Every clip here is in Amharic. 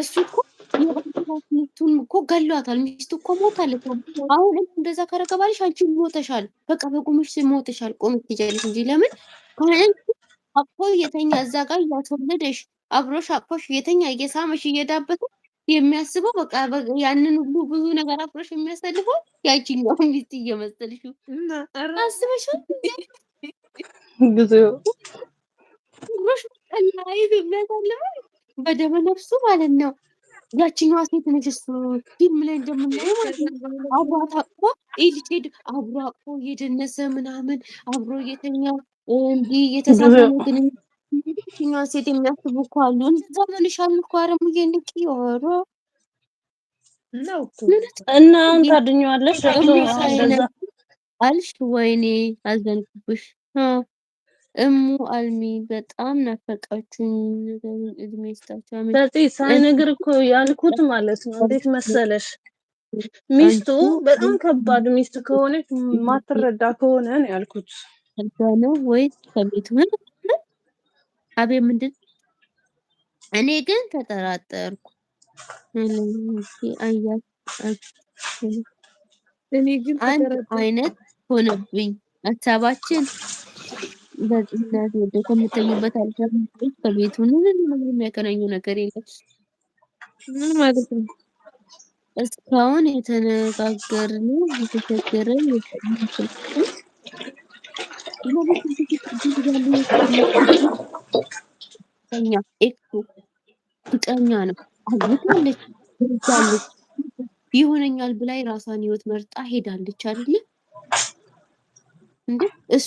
እሱ እኮ ሚስቱን እኮ ገሏታል። ሚስቱ እኮ ሞታለች። አሁን እንደዛ ካረገ ባልሽ አንቺ ሞተሻል፣ በቃ በቁምሽ ሞተሻል። ቆም ትያለሽ እንጂ ለምን ከአንቺ አቅፎ የተኛ እዛ ጋር እያስወለደሽ አብሮሽ አቅፎሽ የተኛ እየሳመሽ እየዳበተ የሚያስበው በቃ ያንን ሁሉ ብዙ ነገር አፍሮሽ የሚያሳልፈው ያቺኛው ሚስት እየመሰልሽ አስበሻል። ብዙ አብሮሽ ላይ የሚያሳልፈው በደመ ነፍሱ ማለት ነው። ያችኛዋ ሴት ንግስት ፊልም ላይ እንደምናየው ማለት ነው። አብሯት አቅፎ ይህ ልጅ ሄድ አብሮ አቅፎ እየደነሰ ምናምን አብሮ እየተኛ እንዲ እየተሳሳሙ ግን ያችኛዋ ሴት የሚያስቡ እኮ አሉ። እንደዛ ሆንሻል እኮ አረሙዬ ንቅ ሆሮ እና አሁን ታድኛዋለሽ አልሽ። ወይኔ አዘንኩብሽ። እሙ አልሚ በጣም ናፈቃችሁኝ። ነገሩን እድሜ ስታችሁ በጤ ሳይነግር እኮ ያልኩት ማለት ነው። እንዴት መሰለሽ ሚስቱ በጣም ከባድ ሚስት ከሆነች ማትረዳ ከሆነ ነው ያልኩት። ነው ወይስ ከቤቱ አቤ ምንድን እኔ ግን ተጠራጠርኩ። እኔ ግን አንድ አይነት ሆነብኝ ሀሳባችን በጭንቅላት ወደ ከምትኝበት አልጋ ከቤት ምንም ነገር የሚያገናኙ ነገር የለም። ምን ማለት ነው? እስካሁን የተነጋገርነው የተቸገረን ቀኛ ኤክሱ ቀኛ ነው አግብታለች፣ ርጃለች፣ ይሆነኛል ብላይ ራሷን ህይወት መርጣ ሄዳለች አይደለ እንዴ እሱ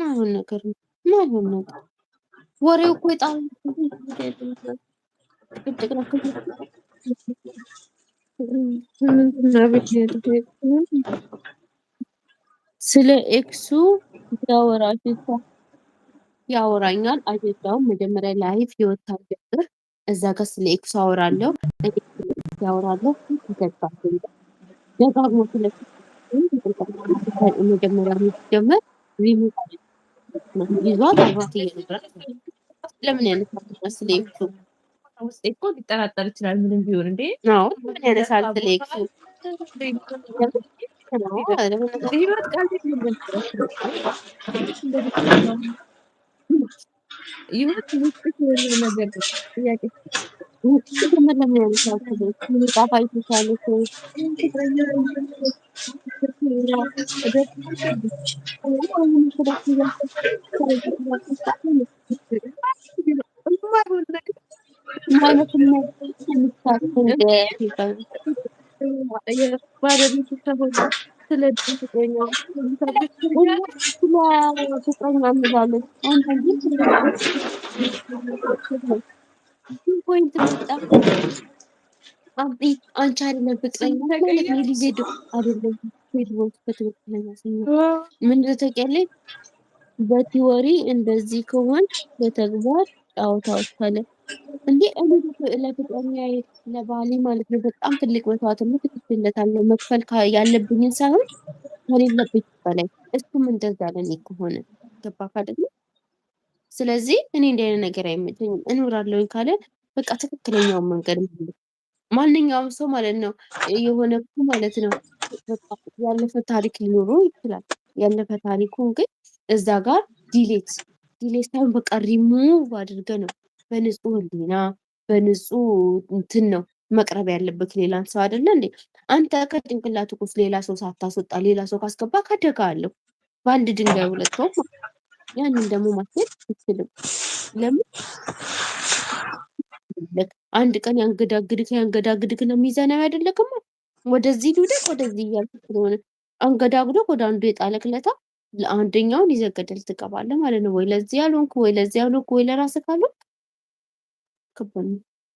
ማይሆን ነገር ነው። ማይሆን ነገር ወሬው እኮ ስለ ኤክሱ ያወራሽ ያወራኛል። አጀንዳውን መጀመሪያ ላይፍ ህይወት ታጀምር። እዛ ጋር ስለ ኤክሱ አወራለሁ ያወራለሁ። ይገባል ደጋግሞ ስለ መጀመሪያ ሲጀመር ሪሞት ይዟት አብሯት እየነበረ ለምን ያነሳል ስለ ኤክሱ ውስጤ እኮ ሊጠራጠር ይችላል። ምንም ቢሆን እንዴ ነው ምን ያነሳል ስለ ኤክሱ ይሁን ነገር ጥያቄ इसको मतलब मेरे हिसाब से देख मेरे पापा इतने सालों से ስለ ፍቅረኛ ስለ ፍቅረኛ እንላለች አንተ ግን ፖይንት መጣ። አንቺ አይደለም ፍቅረኛ ልጅ አይደለም በትክክለኛ ምንድን ነው ታውቂያለሽ? በቲዎሪ እንደዚህ ከሆን በተግባር ጫወታዎች ካለ እንዴ እኔ ለፍቅረኛ ለባሌ ማለት ነው በጣም ትልቅ መስዋዕትነት እከፍልለታለሁ መክፈል ያለብኝን ሳይሆን ከሌለብኝ በላይ እሱም እንደዛ ለኔ ከሆነ ገባካ ደግሞ ስለዚህ እኔ እንዲህ አይነት ነገር አይመቸኝም። እኖራለሁኝ ካለ በቃ ትክክለኛውን መንገድ ማንኛውም ሰው ማለት ነው የሆነ ማለት ነው ያለፈ ታሪክ ሊኖረው ይችላል። ያለፈ ታሪኩን ግን እዛ ጋር ዲሌት ዲሌት ሳይሆን በቃ ሪሙቭ አድርገ ነው በንጹህ ህሊና በንጹህ እንትን ነው መቅረብ ያለበት። ሌላን ሰው አይደለ እንዴ አንተ ከጭንቅላት ቁስ ሌላ ሰው ሳታስወጣ ሌላ ሰው ካስገባ ካደጋ አለው በአንድ ድንጋይ ሁለት ሰው ያንን ደግሞ ማስሄድ አትችልም። ለምን አንድ ቀን ያንገዳግድክ ያንገዳግድክ ነው ሚዛናዊ አይደለክማ። ወደዚህ ልውደቅ ወደዚህ እያልክ ስለሆነ አንገዳግዶ ወደ አንዱ የጣለክለታ ለአንደኛውን ይዘገደል ገደል ትገባለህ ማለት ነው። ወይ ለዚህ ያልሆንክ ወይ ለዚህ ያልሆንክ ወይ ለራስህ ካልሆንክ ከባድ ነው።